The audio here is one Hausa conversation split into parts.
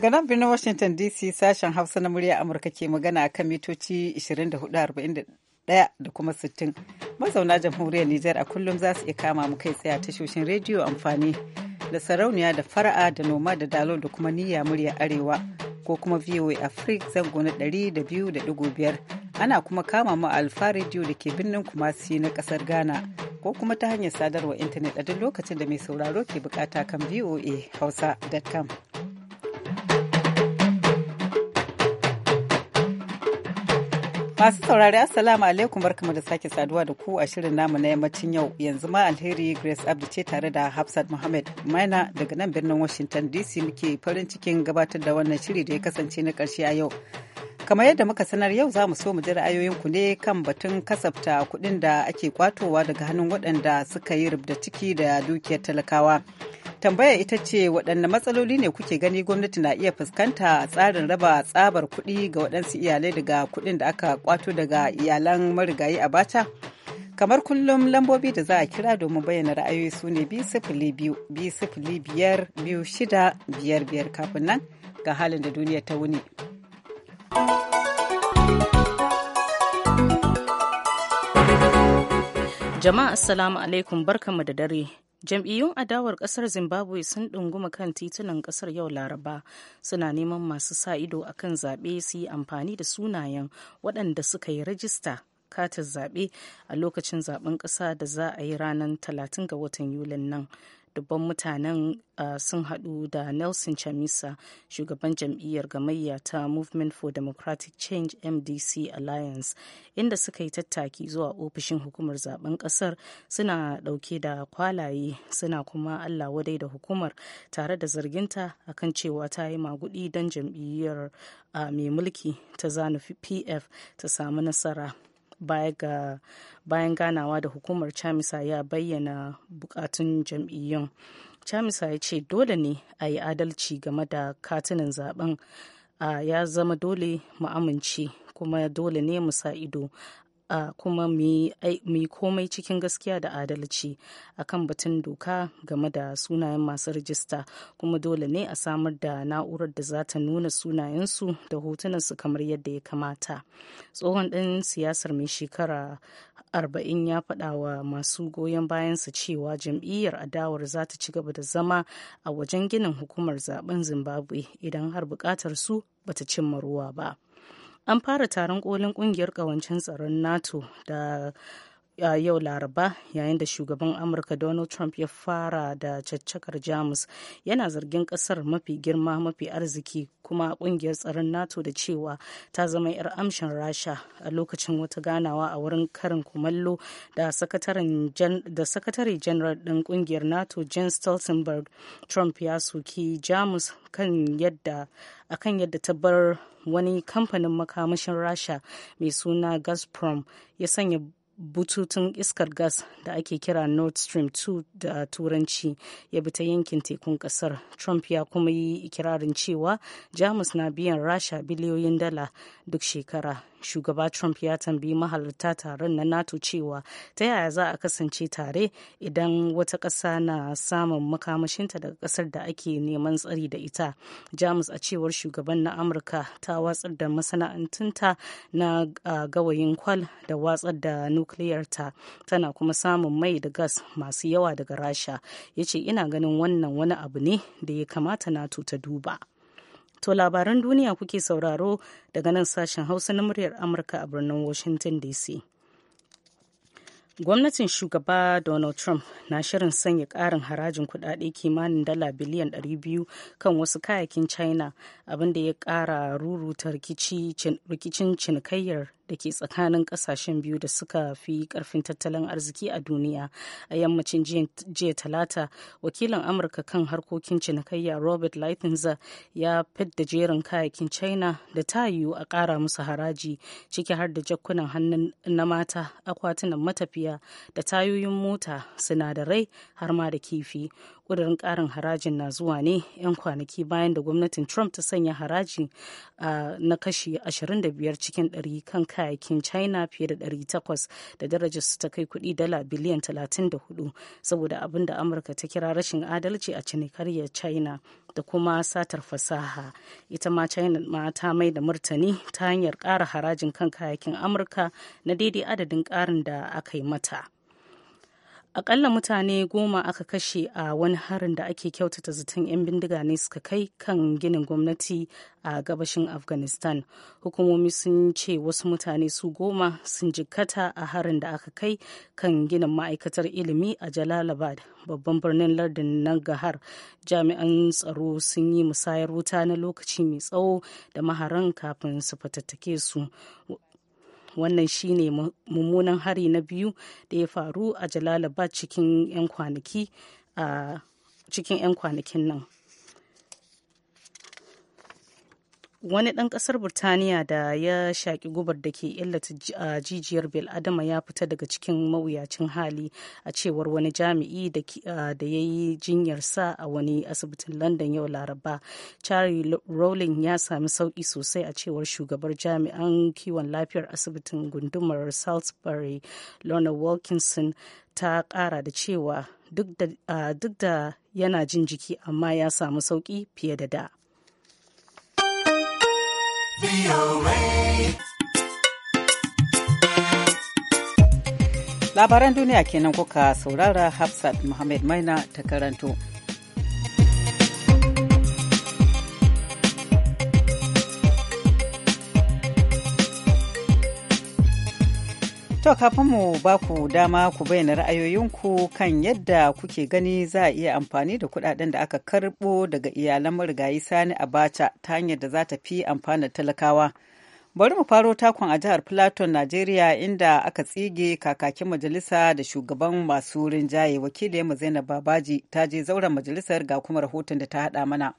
Daga nan birnin Washington DC sashen Hausa na murya Amurka ke magana kan mitoci 24,41 da kuma 60. Mazauna jamhuriyar Nijar a kullum za su iya kama mu kai tsaye tashoshin rediyo amfani da sarauniya da fara'a da noma da dalo da kuma niyya murya arewa ko kuma VOA Africa zango na 200.5 ana kuma kama mu alfa rediyo da ke birnin Kumasi na kasar Ghana ko kuma ta hanyar sadarwa intanet a duk lokacin da mai sauraro ke bukata kan voa hausa.com. Masu saurari Assalamu alaikum barkamu da sake saduwa da ku a shirin namu na yammacin yau yanzu ma alheri Grace Abdu ce tare da Hafsat mohammed Maina daga nan birnin Washington DC muke farin cikin gabatar da wannan shiri da ya kasance na karshe a yau. Kamar yadda muka sanar yau za mu so mu ji ra'ayoyinku ne kan batun kasafta kuɗin da ake kwatowa daga hannun waɗanda suka yi rubda ciki da dukiyar talakawa. tambaya ita ce waɗanne matsaloli ne kuke gani gwamnati na iya fuskanta tsarin raba tsabar kuɗi ga waɗansu iyalai daga kuɗin da aka kwato daga iyalan marigayi a bata kamar kullum lambobi da za a kira domin bayyana ra'ayoyi su ne biyar kafin nan ga halin da duniya ta wuni jama'a assalamu alaikum barkamu da dare jam'iyyun adawar kasar zimbabwe sun ɗunguma kan titunan kasar yau laraba suna neman masu sa ido a kan zaɓe su yi amfani da sunayen waɗanda suka yi rajista katin zaɓe a lokacin zaɓen ƙasa da za a yi ranar 30 ga watan yulin nan dubban mutanen sun haɗu da nelson chamisa shugaban jam'iyyar gamayya ta movement for democratic change mdc alliance inda suka yi tattaki zuwa ofishin hukumar zaben ƙasar suna ɗauke da kwalaye suna kuma allah wadai da hukumar tare da zarginta akan cewa ta yi magudi don jam'iyyar mai mulki ta zanufi pf ta samu nasara bayan ganawa da hukumar chamisa ya bayyana bukatun jam'iyyun chamisa ya ce dole ne a yi adalci game da katunan zaben ya zama dole mu amince kuma dole ne mu sa ido uh, kuma mu yi komai cikin gaskiya da adalci a kan batun doka game da sunayen masu rijista kuma dole ne a samar da na'urar da za ta nuna sunayensu da hotunansu kamar yadda ya kamata tsohon ɗan siyasar mai shekara arba'in ya faɗa wa masu goyon bayansa cewa jam'iyyar adawar za ta ci gaba da zama a wajen ginin hukumar zaben zimbabwe idan har bukatar su bata cimma ruwa ba. an fara taron kolin kungiyar kawancin tsaron nato da a yau laraba yayin da shugaban amurka donald trump ya fara da caccakar jamus yana zargin kasar mafi girma mafi arziki kuma kungiyar tsaron nato da cewa ta zama 'yar amshin rasha a lokacin wata ganawa a wurin karin kumallo da sakatare general din kungiyar nato jen stoltenberg trump ya soki jamus kan yadda akan yadda ta bar wani kamfanin makamashin rasha mai suna gazprom ya sanya bututun iskar gas da ake kira nord stream 2 da turanci ya bi ta yankin tekun kasar trump ya kuma yi ikirarin cewa jamus na biyan rasha biliyoyin dala duk shekara shugaba trump ya tambayi mahalarta taron na nato cewa ta yaya za a kasance tare idan wata ƙasa na samun makamashinta daga ƙasar da ake neman tsari da ita jamus a cewar shugaban na amurka ta watsar da masana'antunta na gawayin kwal da watsar da nukiliyarta tana kuma samun mai da gas masu yawa daga rasha ya ce ina ganin wannan wani abu ne da ya kamata nato ta duba To labaran duniya kuke sauraro daga nan sashen Hausa na muryar Amurka a birnin Washington DC. gwamnatin shugaba donald trump na shirin sanya ƙarin harajin kudade kimanin dala biliyan 200 kan wasu kayakin china abinda ya kara ruruta rikicin cinikayyar da ke tsakanin kasashen biyu da suka fi karfin tattalin arziki a duniya a yammacin jiya talata wakilin amurka kan harkokin cinikayya robert lighthizer ya fidda jerin kayakin china da ta yiwu a ƙara musu haraji ciki har da jakkunan hannun na mata akwatunan matafiya da tayoyin mota sinadarai har ma da kifi Ƙudarin karin harajin na zuwa ne 'yan kwanaki bayan da gwamnatin trump ta sanya haraji na kashi 25 cikin 100 kan kayayyakin china fiye da 800 da darajar su ta kai kuɗi dala biliyan 34 saboda abin da amurka ta kira rashin adalci a cinikaryar china da kuma satar fasaha ita ma china ma ta mai da martani ta hanyar kara harajin kan kayakin amurka na daidai adadin ƙarin da aka yi mata. akalla mutane goma aka kashe a wani harin da ake kyautata zaton 'yan bindiga ne suka kai kan ginin gwamnati a gabashin afghanistan hukumomi sun ce wasu mutane su goma sun jikkata a harin da aka kai kan ginin ma'aikatar ilimi a jalalabad babban birnin lardin gahar jami'an tsaro sun yi musayar wuta na lokaci mai tsawo da maharan kafin su fatattake su wannan shine mummunan hari na biyu da ya faru a jalalabad cikin 'yan kwanakin nan wani ɗan ƙasar burtaniya da ya shaƙi gubar da ke illata jijiyar adama ya fita daga cikin mawuyacin hali a cewar wani jami'i da ya yi jinyarsa a wani asibitin london yau laraba charlie rowling ya sami sauƙi sosai a cewar shugabar jami'an kiwon lafiyar asibitin gundumar salisbury lorna wilkinson ta ƙara da cewa duk da yana jin jiki amma ya samu sauƙi fiye da da Labaran duniya kenan kuka saurara Hafsat Muhammad Maina ta karanto. To kafin mu ba ku dama ku bayyana ra'ayoyinku kan yadda kuke gani za a iya amfani da kuɗaɗen da aka karɓo daga iyalan marigayi Sani Abacha ta hanyar da za ta fi amfanar talakawa. Bari mu faro takon a jihar Plateau, Najeriya inda aka tsige kakakin majalisa da shugaban masu rinjaye wakiliyarmu Zainab Babaji ta je zauren majalisar ga kuma rahoton da ta haɗa mana.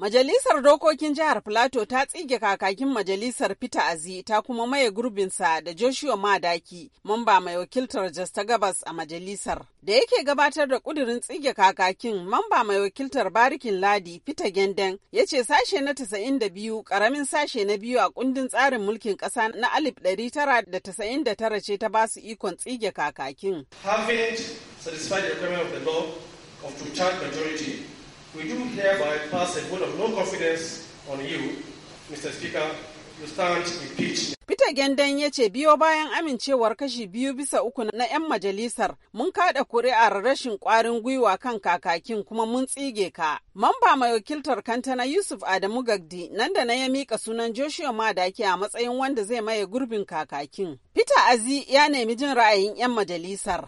Majalisar Dokokin Jihar Filato ta tsige kakakin majalisar fita Azi ta kuma maye gurbinsa da Joshua Madaki, mamba mai wakiltar Jos ta Gabas a majalisar. Da yake gabatar da kudirin tsige kakakin mamba mai wakiltar Barikin Ladi fita Genden ya ce sashe na 92 karamin sashe na biyu a kundin tsarin mulkin kasa na 1999 ce ta basu ikon tsige kakakin. Having satisfied the requirement of the law We do hereby pass a vote of no confidence on you, Mr. Speaker. You stand impeached. Peter Gendan ya ce biyo bayan amincewar kashi biyu bisa uku na 'yan majalisar mun kaɗa kuri'ar rashin ƙwarin gwiwa kan kakakin kuma mun tsige ka. Mamba mai wakiltar kanta na Yusuf Adamu Gagdi nan da na ya mika sunan Joshua Madaki a matsayin wanda zai maye gurbin kakakin. Peter Azi ya nemi jin ra'ayin 'yan majalisar.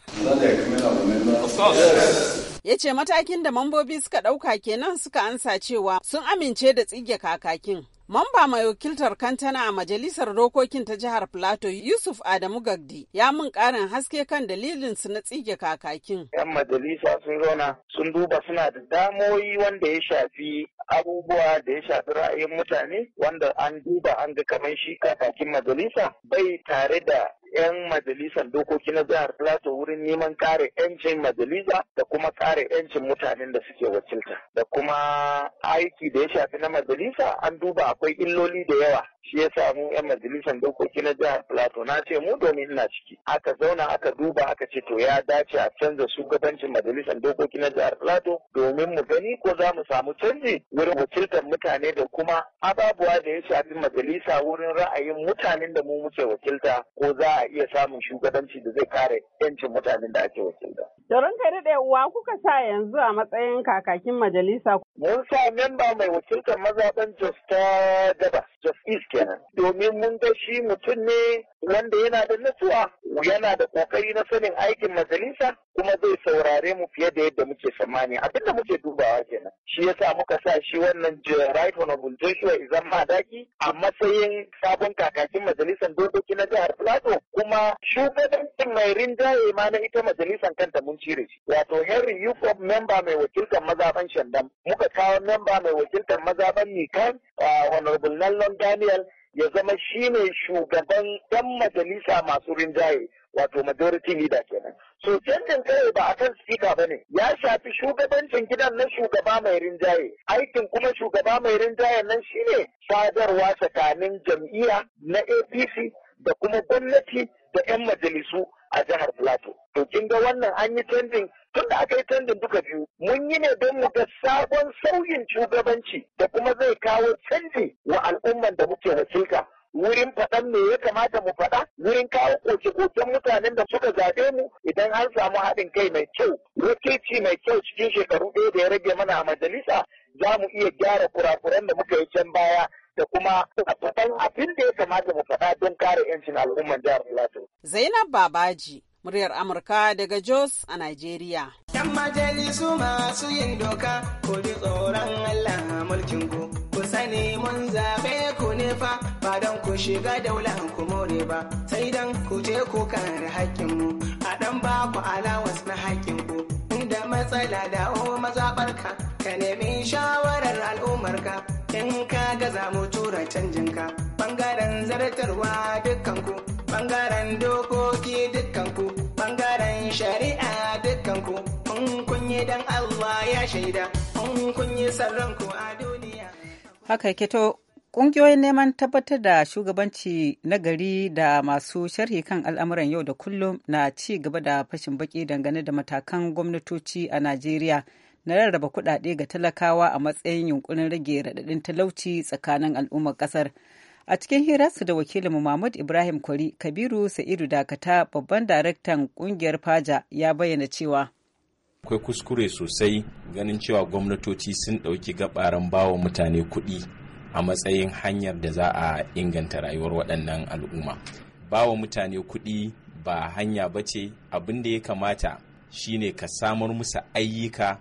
ya ce matakin da mambobi suka ɗauka kenan suka ansa cewa sun amince da tsige kakakin Mamba mai wakiltar kantana a majalisar dokokin ta jihar Plateau Yusuf Adamu Gagdi ya mun karin haske kan dalilin su na tsige kakakin. Yan majalisa sun zauna sun duba suna da damoyi wanda ya shafi abubuwa da ya shafi ra'ayin mutane wanda an duba an ga kamar shi kakakin majalisa bai tare da 'yan majalisar dokoki na jihar Plato wurin neman kare 'yancin majalisa da kuma kare 'yancin mutanen da suke wakilta da kuma aiki da ya shafi na majalisa an duba akwai illoli da yawa shi ya samu yan majalisar dokoki na jihar plateau na ce mu domin ina ciki aka zauna aka duba aka ce to ya dace a canza shugabancin majalisar dokoki na jihar plateau domin mu gani ko za mu samu canji wurin wakiltar mutane da kuma ababuwa da ya shafi majalisa wurin ra'ayin mutanen da mu muke wakilta ko za a iya samun shugabanci da zai kare yancin mutanen da ake wakilta. Doron ka daɗe uwa kuka sa yanzu a matsayin kakakin majalisa. Mun sa memba mai wakiltar mazaɓen Jos ta Gabas, Jos East kenan domin mun ga shi mutum ne wanda yana da nutsuwa yana da kokari na sanin aikin majalisa kuma zai saurare mu fiye da yadda muke tsammani abin da muke dubawa kenan shi yasa muka sa shi wannan right honorable Joshua Izan Madaki a matsayin sabon kakakin majalisar dokoki na jihar Plateau kuma shugabancin mai rinjaye ma na ita majalisar kanta mun cire shi wato Henry Yukov memba mai wakiltar mazaban Shandam muka kawo memba mai wakiltar mazaban Mikan honorable Nallon Daniel ya zama shi ne shugaban 'yan majalisa masu rinjaye wato majority leader kenan So canjin kai ba a kan sika ba ne, ya shafi shugabancin gidan na shugaba mai rinjaye. Aikin kuma shugaba mai rinjaye nan shine sadarwa tsakanin jam'iyya na APC da kuma gwamnati da 'yan majalisu a jihar Plateau. To kin ga wannan an yi canjin tun da aka yi canjin duka biyu mun yi ne don mu ga sabon sauyin shugabanci da kuma zai kawo canji wa al'umman da muke wakilta wurin faɗan me ya kamata mu faɗa wurin kawo koke-koken mutanen da suka zaɓe mu idan an samu haɗin kai mai kyau wakilci mai kyau cikin shekaru ɗaya da ya rage mana a majalisa za mu iya gyara kurakuran da muka yi can baya da kuma faɗan abin da ya kamata mu faɗa don kare 'yancin al'umman jihar Plateau. Zainab Babaji muryar Amurka daga Jos a Najeriya. Yan majalisu masu yin doka, ku bi tsoron Allah mulkin ku, ku sani mun zaɓe ku ne fa, ba don ku shiga daular ku more ba, sai don ku je ku kare mu. a ɗan ba ku alawas na hakkin ku. Inda matsala dawo mazaɓarka, ka nemi shawarar al'ummarka, in ka gaza mu tura canjinka, ɓangaren zartarwa dukkan ku. bangaren dokoki dukkanku bangaren shari'a dukkanku in kun dan Allah ya shaida mun kunye sarranku a duniya haka ke to Ƙungiyoyin neman tabbatar da shugabanci na gari da masu sharhi kan al'amuran yau da kullum na ci gaba da fashin baki dangane da matakan gwamnatoci a Najeriya na rarraba kuɗaɗe ga talakawa a matsayin yunkurin rage raɗaɗin talauci tsakanin al'ummar ƙasar. a cikin su da wakilinmu mahmud ibrahim kwari kabiru sa'idu dakata babban daraktan kungiyar faja ya bayyana cewa akwai kuskure sosai ganin cewa gwamnatoci sun ɗauki gabaran bawa mutane kuɗi a matsayin hanyar da za a inganta rayuwar waɗannan al'umma bawa mutane kuɗi ba hanya ba ce abin da ya kamata shine ka samar musu ayyuka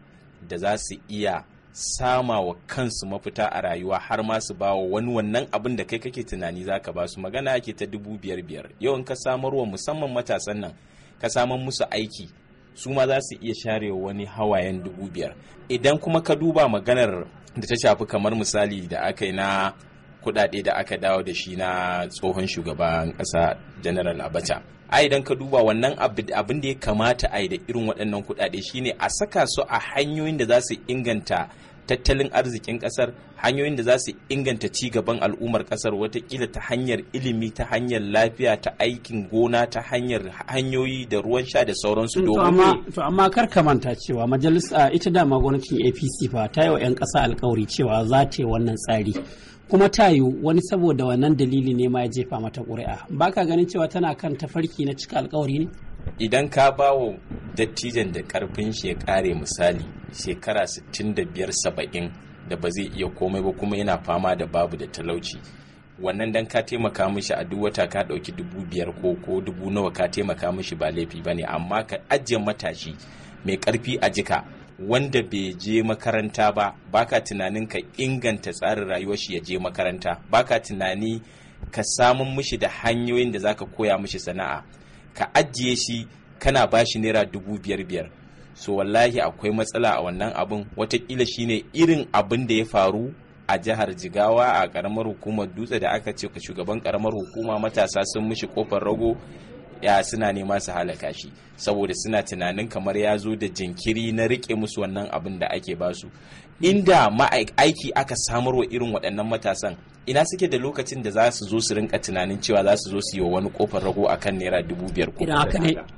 da za su iya sama wa kansu mafita a rayuwa har ma su bawa wani wannan abin da kai kake tunani za ka ba su magana ake ta dubu biyar biyar yau in ka wa musamman matasan nan ka samar musu aiki su ma za su iya share wani hawayen dubu biyar idan kuma ka duba maganar da ta shafi kamar misali da aka yi na Kudade da aka dawo da shi na tsohon shugaban kasa general abacha A idan ka duba wannan abin da ya kamata a yi da irin waɗannan kudade shine a saka su a hanyoyin da za su inganta tattalin arzikin kasar hanyoyin da za su inganta ci gaban al'ummar kasar watakila ta hanyar ilimi ta hanyar lafiya ta aikin gona ta hanyar hanyoyi da ruwan sha da sauransu to amma kar ka manta cewa majalisa ita dama gwamnatin apc fa ta yi wa 'yan kasa alkawari cewa za ta yi wannan tsari kuma ta yiwu, wani saboda wannan dalili ne ma ya jefa mata ƙuri'a ba ka ganin cewa tana kan tafarki na cika alkawari ne idan ka ba wa dattijan da karfin shi ya kare misali shekara 65-70 da ba zai iya komai ba kuma yana fama da babu da talauci wannan dan ka taimaka mishi a duk wata ka ɗauki dubu biyar ko ko dubu nawa ka taimaka mishi ba laifi ba ne amma ka ajiye matashi mai karfi a jika wanda bai je makaranta ba baka tunanin ka inganta tsarin rayuwar shi ya je makaranta baka tunani ka samun mishi da hanyoyin da zaka koya mishi sana'a ka ajiye shi kana shi naira dubu biyar biyar so wallahi akwai matsala a wannan abin watakila shine irin abin da ya faru a jihar jigawa a karamar hukumar dutse da aka ce ka shugaban karamar hukuma matasa sun mishi kofar rago ya suna nema su halaka shi saboda suna tunanin kamar ya zo da jinkiri na rike musu wannan abin da ake basu inda aiki aka samarwa irin waɗannan matasan ina suke da lokacin da za su zo su rinka tunanin cewa za su zo su yi wa wani kofar rago a kan naira dubu biyar ko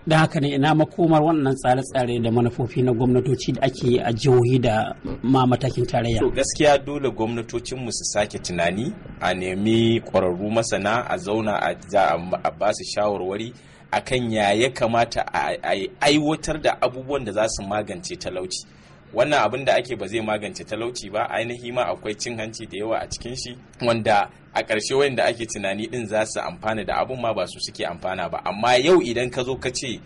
da haka ne ina makomar wannan tsare-tsare da manufofi na gwamnatoci da ake a jihohi da ma matakin tarayya so gaskiya dole gwamnatocin mu su sake tunani a nemi kwararru masana a zauna a ba su shawarwari akan ya ya kamata a aiwatar da abubuwan da za su magance talauci wannan abin da ake ba zai magance talauci ba ainihi ma akwai cin hanci da yawa a cikin shi wanda a ƙarshe wayan da ake tunani din za su amfana da abun ma ba su suke amfana ba amma yau idan ka zo ka ce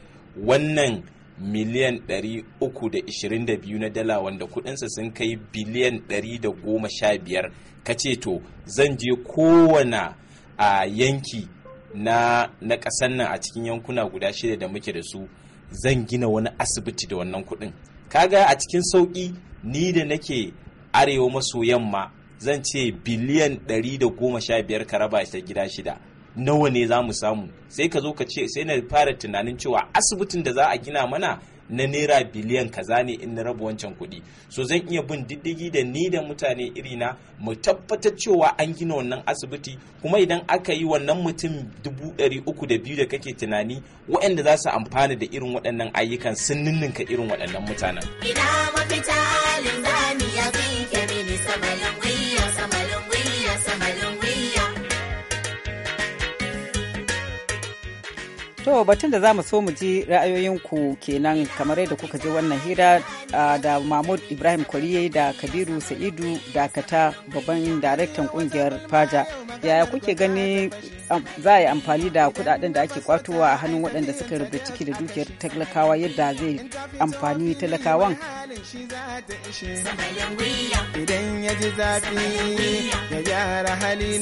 wannan miliyan 322 na dala wanda kudinsa sun kai biliyan 115 ka ce to zan je kowane a yanki na na ƙasar nan a cikin yankuna guda shida da muke da su zan gina wani asibiti da wannan kuɗin kaga a cikin sauƙi ni da nake arewa maso yamma zan ce biliyan 115 ka raba ta gida shida nawa ne za mu samu sai ka zo ka ce sai na fara tunanin cewa asibitin da za a gina mana na naira biliyan kaza ne in na raba wancan kuɗi so zan iya bin diddigi da ni da mutane iri na mu tabbatar cewa an gina wannan asibiti kuma idan aka yi wannan mutum dubu ɗari uku da biyu da kake tunani waɗanda za su amfana da irin waɗannan ayyukan sun ninninka irin waɗannan mutanen. Ina mafita linzami ya fi kemini samayi. To batun da za mu so mu ji ra'ayoyinku kenan kamar yadda kuka ji wannan hira da Mahmud Ibrahim Kwariye da Kabiru Sa'idu Dakata babban daraktan kungiyar Faja. Yaya kuke gani za a yi amfani da kudaden da ake kwatowa a hannun waɗanda suka rubuta ciki da dukiyar talakawa yadda zai amfani talakawan? Idan ya zafi ya gyara hali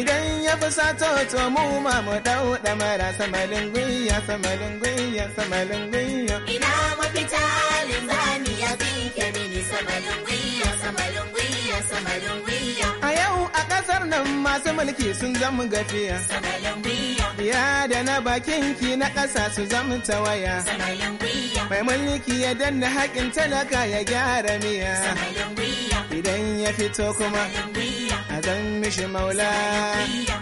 idan ya fi sato to mu ma mu ɗau marasa samalin gwiya samalin gwiya samalin gwiya ina mafita linzami ya tsinke mini samalin gwiya samalin gwiya samalin gwiya a yau a kasar nan masu mulki sun zama gafiya samalin gwiya ya da na bakin ki na ƙasa su zama tawaya samalin gwiya mai mulki ya danna haƙin talaka ya gyara miya samalin idan ya fito kuma samalin gwiya zan mishi maula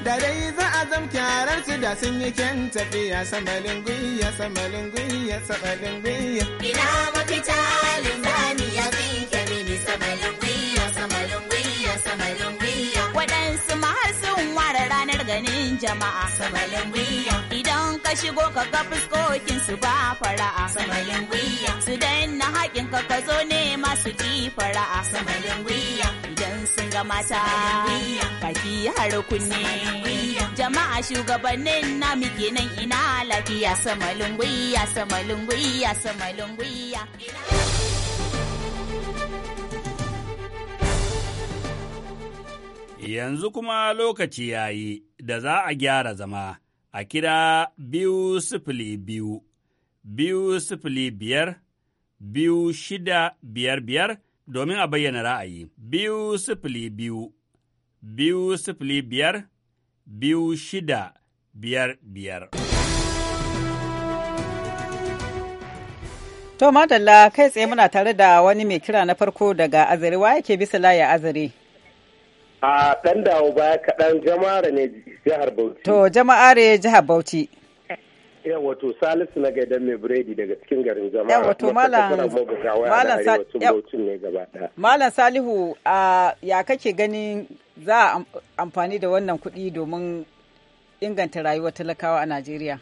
da dai za a zam kyarar su da sun yi kyan tafiya samalin gwiya samalin gwiya samalin gwiya ina mafita limani ya tsinke mini samalin gwiya samalin gwiya samalin gwiya waɗansu ma sun ware ranar ganin jama'a samalin gwiya idan ka shigo ka ga fuskokin su ba fara'a samalin gwiya su danna haƙin ka ka zo ne masu ki fara'a samalin gwiya sun ga mata baki har kunne jama'a shugabannin na muke nan ina lafiya sama lunguya sama lunguya sama lunguya Yanzu kuma lokaci ya yi da za a gyara zama a kira biyu sifili biyu, biyu sifili biyar, biyu shida biyar biyar domin a bayyana ra'ayi. Biyu sifili biyu, biyu sifili biyar, biyu shida biyar biyar. To madalla kai tsaye muna tare da wani mai kira na farko daga azare wa yake bisa laye azare. A ɗan dawo baya kaɗan ne jihar Bauchi. To ne jihar Bauchi. wato salisu na gaidan mai biredi daga cikin garin jama'a yawa wato malam salihu ya kake ganin za a amfani da wannan kuɗi domin inganta rayuwar talakawa a najeriya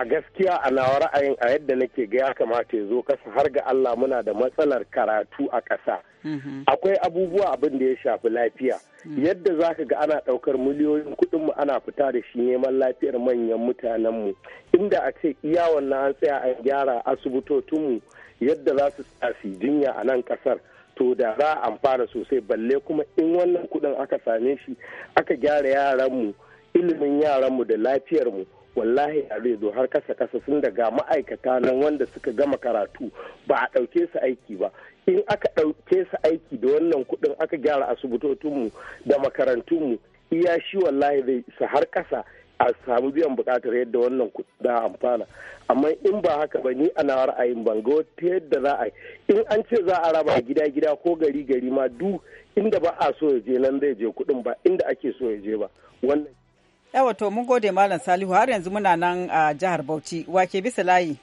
a gaskiya a nawa ra'ayin a yadda nake ga ya kamata ya zo kasa har ga Allah muna da matsalar karatu a ƙasa. Mm-hmm. Akwai abubuwa abin da ya shafi lafiya. Mm. Yadda za ka ga ana ɗaukar miliyoyin kuɗinmu ana fita da shi neman lafiyar manyan mutanenmu. Inda a ce iya wannan an tsaya an gyara asibitotinmu yadda za su tsasi jinya a nan ƙasar. to da za a amfana sosai balle kuma in wannan kuɗin aka same shi aka gyara yaranmu ilimin yaranmu da lafiyar mu wallahi a redo har kasa kasa sun daga ma'aikata nan wanda suka gama karatu ba a ɗauke su aiki ba in aka ɗauke su aiki da wannan kuɗin aka gyara asibitotinmu da makarantunmu iya shi wallahi zai isa har kasa a samu biyan bukatar yadda wannan a amfana amma in ba haka ba ni ana ra'ayin ga wata yadda za a yi in an ce za a raba gida-gida ko gari-gari ma duk inda ba a so ya je nan zai je kuɗin ba inda ake so ya je ba wannan Yawa to mun gode Malam Salihu har yanzu muna nan a jihar Bauchi wake bisa layi.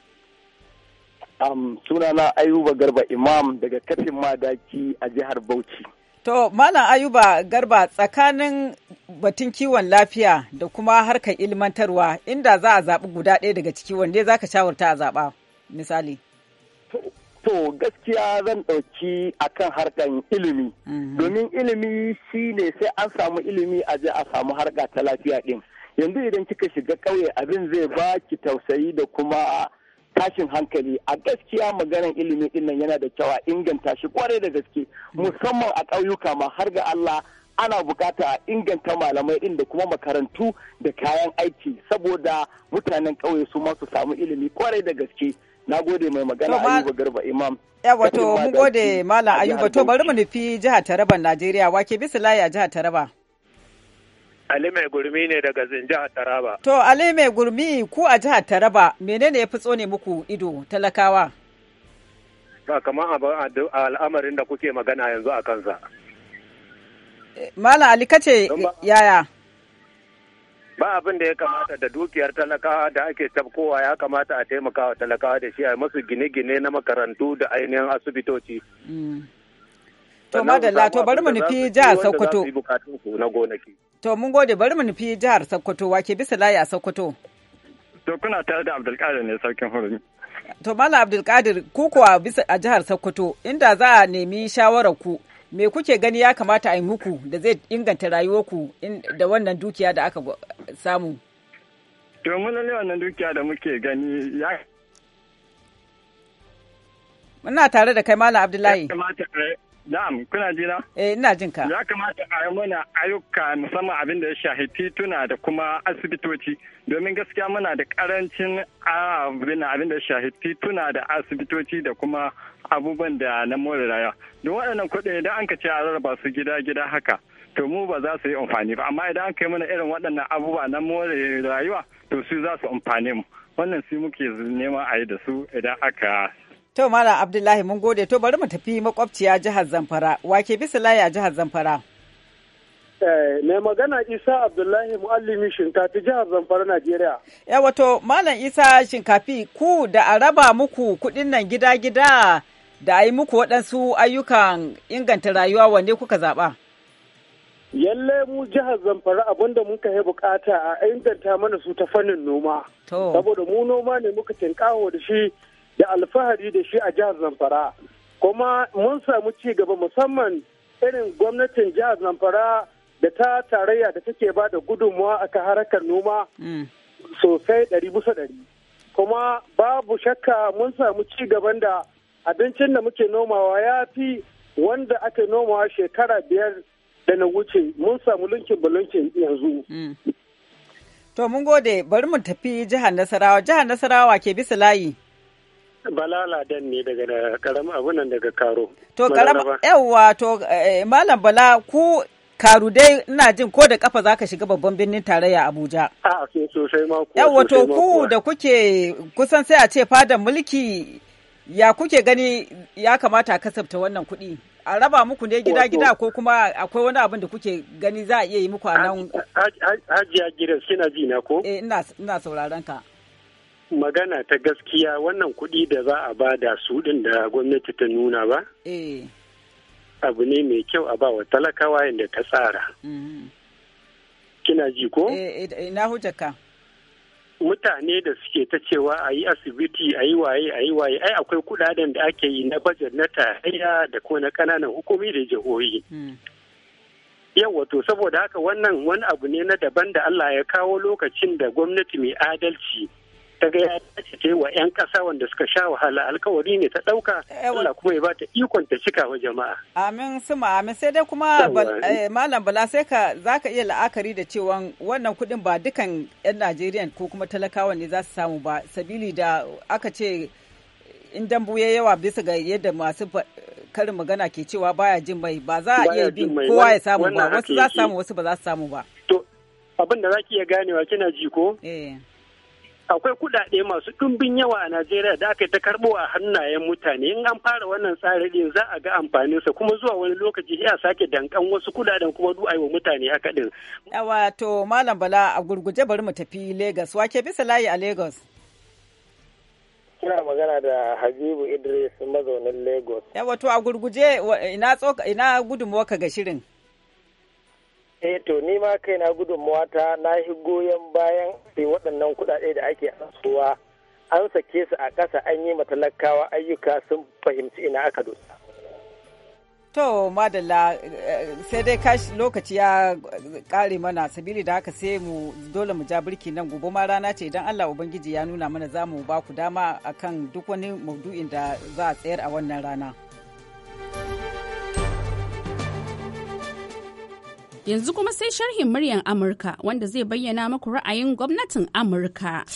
Um, sunana Ayuba Garba Imam daga kafin madaki a jihar Bauchi. To Malam Ayuba Garba tsakanin batun kiwon lafiya da kuma harkar ilmantarwa inda za a zaɓi guda ɗaya daga ciki wanda za ka shawarta a zaɓa misali. To gaskiya zan ɗauki akan harkan ilimi. Mhm. Domin ilimi shi ne sai an samu ilimi a je a samu harka ta lafiya ɗin. Yanzu idan kika shiga ƙauye abin zai ba ki tausayi da kuma tashin hankali a gaskiya maganan ilimi dinnan yana da kyau a inganta shi kwarai da gaske mhm. musamman a ƙauyuka ma har ga Allah ana bukata a inganta malamai ɗin da kuma makarantu da kayan aiki saboda mutanen ƙauye su ma su samu ilimi kwarai da gaske na gode mai magana ayuba garba imam yawa to mun gode malam ayuba to bari mu nufi jihar taraba najeriya wake bisa layi a jihar taraba Ali mai gurmi ne daga zin jihar Taraba. To Ali mai gurmi ku a jihar Taraba menene ya fi tsone muku ido talakawa? Ba kamar al'amarin da kuke magana yanzu a kansa. Eh, malam Ali kace yaya? ba abin da ya kamata da dukiyar talakawa da ake tabkowa ya kamata a taimakawa talakawa da shi a masu gine-gine na makarantu da ainihin asibitoci. Mm. To madalla to bari mu nufi jihar Sokoto. To mun gode bari mu nufi jihar Sokoto wake bisa layi a Sokoto. To kuna tare da Abdulkadir ne sarkin hurumi. To Malam Abdulkadir ku kuwa bisa a jihar Sokoto inda za a nemi shawarar ku me kuke gani ya kamata a yi muku da zai inganta rayuwarku da wannan dukiya da aka samu domin ne wannan dukiya da muke gani ya muna tare da kai malam abdullahi eh, Na'am, kuna jina? Eh, ina jin ka. Ya kamata a yi mana ayyuka musamman abin da ya shafi tituna da kuma asibitoci. Domin gaskiya muna da karancin abin da ya shafi tituna da asibitoci da kuma abubuwan da na more rayuwa. Don waɗannan kuɗi idan an ka ce a rarraba su gida-gida haka, to mu ba za su yi amfani ba. Amma idan an kai mana irin waɗannan abubuwa na more rayuwa, to su za su amfane mu. Wannan su muke neman a yi da su idan aka To Mala Abdullahi mun gode to bari mu tafi makwabciya jihar Zamfara. Wake bisa layi a jihar Zamfara. Eh, mai magana Isa Abdullahi Muallimi Shinkafi jihar Zamfara Najeriya. Ya eh, wato Malam Isa Shinkafi ku da a raba muku kuɗin nan gida-gida da a yi muku waɗansu ayyukan inganta rayuwa wanne kuka zaɓa? Yalle mu jihar Zamfara da muka yi bukata a inganta mana su ta fannin noma. Saboda mu noma ne muka tinkawo da shi da alfahari da shi a jihar zamfara kuma mun samu ci gaba musamman irin gwamnatin jihar zamfara da ta tarayya da take ba da gudunmuwa a harkar noma mm. sosai ɗari bisa ɗari kuma babu shakka mun samu ci gaban da abincin da muke nomawa ya fi wanda aka nomawa shekara biyar da na wuce mun samu linkin balunkin yanzu mm. to mun gode bari mu tafi jihar nasarawa jihar nasarawa ke bisa layi Balala dan ne daga karamin nan daga Karo. To karam yawa to Malam Bala ku karu dai ina jin ko da kafa zaka shiga babban birnin tarayya Abuja. A sosai ku. Yawa to ku da kuke kusan sai a ce fadan mulki ya kuke gani ya kamata a kasafta wannan kuɗi. A raba muku ne gida-gida ko kuma akwai wani abin da kuke gani za a iya yi muku a nan. Hajiya gidan suna ji na ko? Eh ina sauraron ka. magana ta gaskiya wannan kuɗi da za a ba da su ɗin da gwamnati ta nuna ba? Eh. Abu ne mai kyau a ba wa talakawa yadda ta tsara. Mm-hmm. Kina ji ko? Eh, eh, na hujjaka. Mutane da suke ta cewa a yi asibiti, a yi waye, a yi waye, ai akwai kuɗaɗen da ake yi na bajet na tarayya da kuma na ƙananan hukumi da jihohi. Mm. Yau wato saboda haka wannan wani abu ne na daban da Allah ya kawo lokacin da gwamnati mai adalci ta ga ya ce wa 'yan ƙasa wanda suka sha wahala alkawari ne ta ɗauka eh, Allah kuma ya bata ikon ta cika wa jama'a. Amin suma amin sai dai kuma eh, malam bala sai ka za ka iya la'akari da cewa wannan kuɗin ba dukan 'yan Najeriya ko kuma talakawa ne za su samu ba sabili da aka ce in dambu ya yawa bisa ga yadda masu karin magana ke cewa baya jin mai ba za a iya bin kowa ya samu ba wasu za su samu wasu ba za su samu ba. To abin da za ki iya ganewa kina ji ko? Eh. akwai kudade masu ɗumbin yawa a Najeriya da aka yi ta karɓo a hannayen mutane in an fara wannan tsarin din za a ga amfanin sa kuma zuwa wani lokaci ya sake dankan wasu kudaden kuma du wa mutane haka din. Wato Malam Bala a gurguje bari mu tafi Lagos wake bisa layi a Lagos. Kina magana da Habibu Idris mazaunin Lagos. to a gurguje ina gudunmuwa ka ga shirin. eh to ni ma kai na gudunmawa ta na shi goyon bayan sai waɗannan kuɗaɗe da ake ansuwa an sake su a ƙasa an yi matalakawa ayyuka sun fahimci ina aka dosa. To madalla eh, sai dai kashi lokaci ya ƙare mana sabili da haka sai mu dole mu ja birki nan gobe ma rana ce idan Allah Ubangiji ya nuna mana za mu ba ku dama akan duk wani maudu'in da za a tsayar a wannan rana. Yanzu kuma sai sharhin muryan Amurka wanda zai bayyana muku ra'ayin gwamnatin Amurka.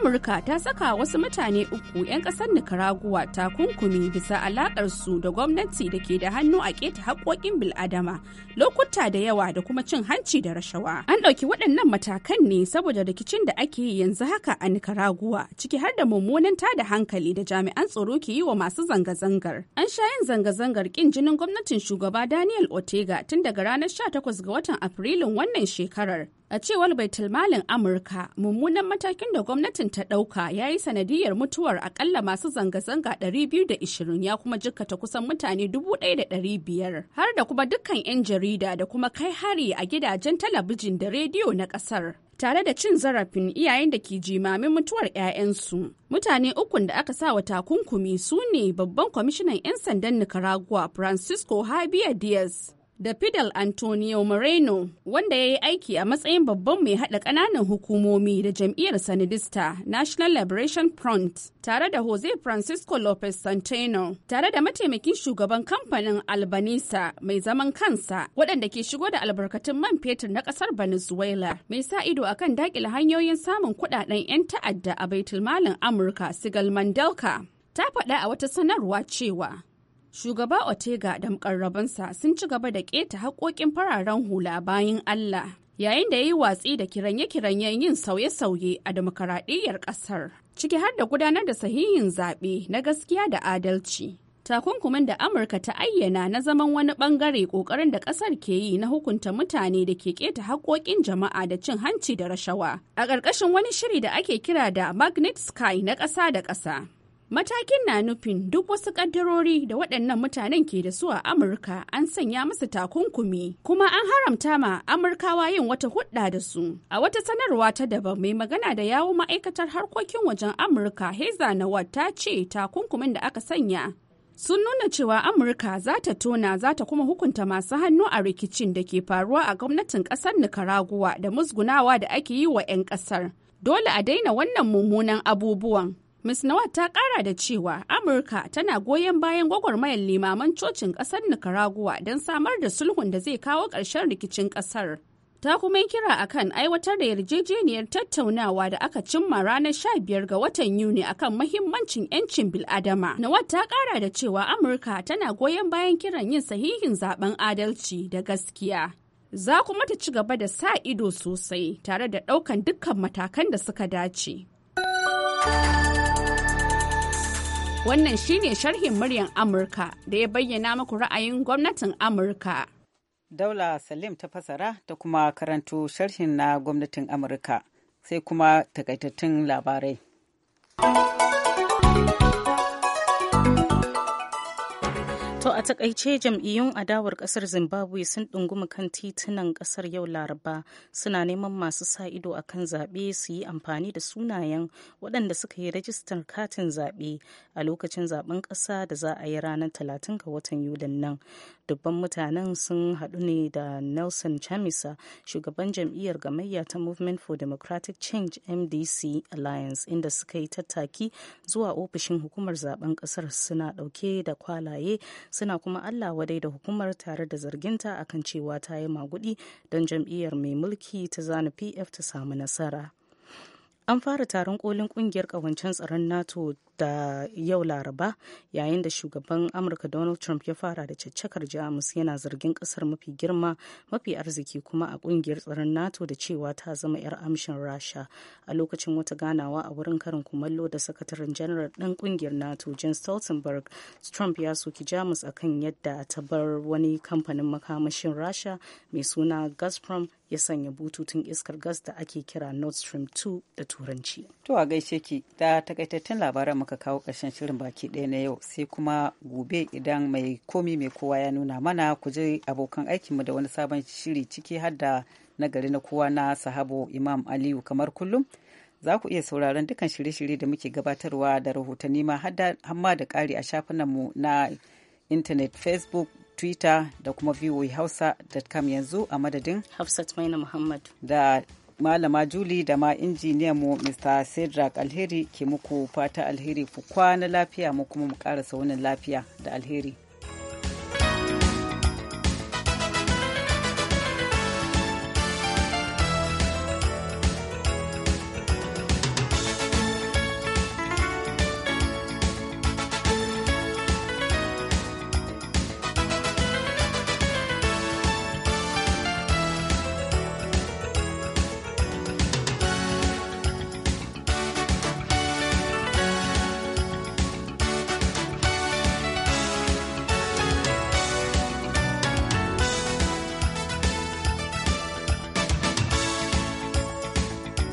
amurka ta saka wasu mutane uku 'yan kasar nicaragua takunkumi bisa alakarsu da gwamnati da ke da hannu a keta haƙoƙin bil'adama lokuta da yawa da kuma cin hanci da rashawa an ɗauki waɗannan matakan ne saboda rikicin da ake yanzu haka a nicaragua ciki har da mummunan tada hankali da jami'an tsaro ke yi wa masu zanga-zangar an sha yin zanga-zangar ƙin jinin gwamnatin shugaba daniel ortega tun daga ranar 18 ga watan afrilun wannan shekarar A cewar baitulmalin Amurka, mummunan matakin da gwamnatin ta ɗauka ya yi sanadiyar mutuwar akalla masu zanga-zanga 220 ya kuma jikkata kusan mutane 1,500 har da kuma dukkan 'yan jarida da kuma kai hari a gidajen talabijin da rediyo na ƙasar. tare da cin zarafin iyayen da ke jimamin mutuwar 'ya'yansu. Mutane ukun da aka sawa takunkumi su ne babban kwamishinan 'yan sandan Nicaragua Francisco Javier Diaz da Fidel Antonio Moreno wanda ya yi aiki a matsayin babban mai haɗa ƙananan hukumomi da jam'iyyar Sanidista National Liberation Front tare da Jose Francisco Lopez Santeno tare da mataimakin shugaban kamfanin Albanisa mai zaman kansa waɗanda ke shigo da albarkatun man fetur na ƙasar Venezuela mai sa ido akan daƙile hanyoyin samun kuɗaɗen 'yan ta'adda a baitulmalin Amurka Sigal Mandelka ta faɗa a wata sanarwa cewa Shugaba Otega da mukarrabansa sun ci gaba da keta haƙoƙin fararen hula bayan Allah yayin da ya yi watsi da kiranye-kiranyen yin sauye-sauye a demokaradiyyar ƙasar, ciki har da gudanar da sahihin zaɓe na gaskiya da adalci. Takunkumin da Amurka ta ayyana na zaman wani ɓangare ƙoƙarin da ƙasar ke yi na hukunta mutane da ke keta haƙoƙin jama'a da cin hanci da rashawa, a ƙarƙashin wani shiri da ake kira da Magnet Sky na ƙasa da ƙasa. Matakin na nufin duk wasu ƙaddarori da waɗannan mutanen ke da su a Amurka an sanya musu takunkumi, kuma an haramta ma Amurkawa yin wata hudda da su. A wata sanarwa ta daban mai magana da yawo ma'aikatar harkokin wajen Amurka Heza Nawad ta ce takunkumin da aka sanya sun nuna cewa Amurka za ta tona za ta kuma hukunta masu hannu a rikicin da ke faruwa a gwamnatin ƙasar Nicaragua da musgunawa da ake yi wa 'yan ƙasar. Dole a daina wannan mummunan abubuwan. Ms. Nawat ta kara da cewa Amurka tana goyon bayan gwagwarmayar limaman cocin ƙasar Nicaragua don samar da sulhun da zai kawo ƙarshen rikicin ƙasar. Ta kuma kira a kan aiwatar da yarjejeniyar tattaunawa da aka cimma ranar 15 ga watan Yuni a kan mahimmancin 'yancin bil'adama. Nawat ta kara da cewa Amurka tana goyon bayan kiran yin sahihin zaben adalci da gaskiya. Za kuma ta ci gaba da sa ido sosai tare da ɗaukan dukkan matakan da suka dace. Wannan shine sharhin muryan Amurka da ya bayyana muku ra'ayin gwamnatin Amurka. Daula Salim ta fasara ta kuma karanto sharhin na gwamnatin Amurka sai kuma takaitattun labarai. To a takaice jam'iyyun adawar kasar Zimbabwe sun ɗunguma kan titunan kasar yau Laraba suna neman masu sa ido a kan zaɓe su yi amfani da sunayen waɗanda suka yi rajistar katin zaɓe a lokacin zaɓen ƙasa da za a yi ranar talatin ga watan Yulin nan. dubban mutanen sun haɗu ne da nelson chamisa shugaban jam'iyyar gamayya ta movement for democratic change mdc alliance inda suka yi tattaki zuwa ofishin hukumar zaben ƙasar suna ɗauke da kwalaye suna kuma allah wadai da hukumar tare da zarginta akan cewa ta yi magudi don jam'iyyar mai mulki ta zana pf ta samu nasara an fara taron kolin kungiyar kawancen tsaron nato da yau laraba yayin da shugaban amurka donald trump ya fara da caccakar jamus yana zargin kasar mafi girma mafi arziki kuma a kungiyar tsaron nato da cewa ta zama 'yar amshin rasha a lokacin wata ganawa a wurin karin kumallo da sakataren janar ɗan kungiyar nato jan stoltenberg trump ya soki jamus akan yadda ta bar wani kamfanin makamashin rasha mai suna gazprom ya sanya bututun iskar gas da ake kira nord stream 2 da turanci to a gaishe ki da takaitattun labaran muka kawo ƙarshen shirin baki ɗaya na yau sai kuma gobe idan mai komi mai kowa ya nuna mana ku je abokan aikinmu da wani sabon shiri ciki har da na na kowa na sahabo imam aliyu kamar kullum za ku iya sauraron dukkan shirye-shirye da muke gabatarwa da rahotanni ma hamma da ƙari a shafinanmu na intanet facebook twitter da kuma voahausa.com yanzu a madadin hafsat maina muhammad da malama juli da ma injiniyan mu mr cedric alheri ke muku fata alheri ku kwana lafiya mu kuma mu karasa wannan lafiya da alheri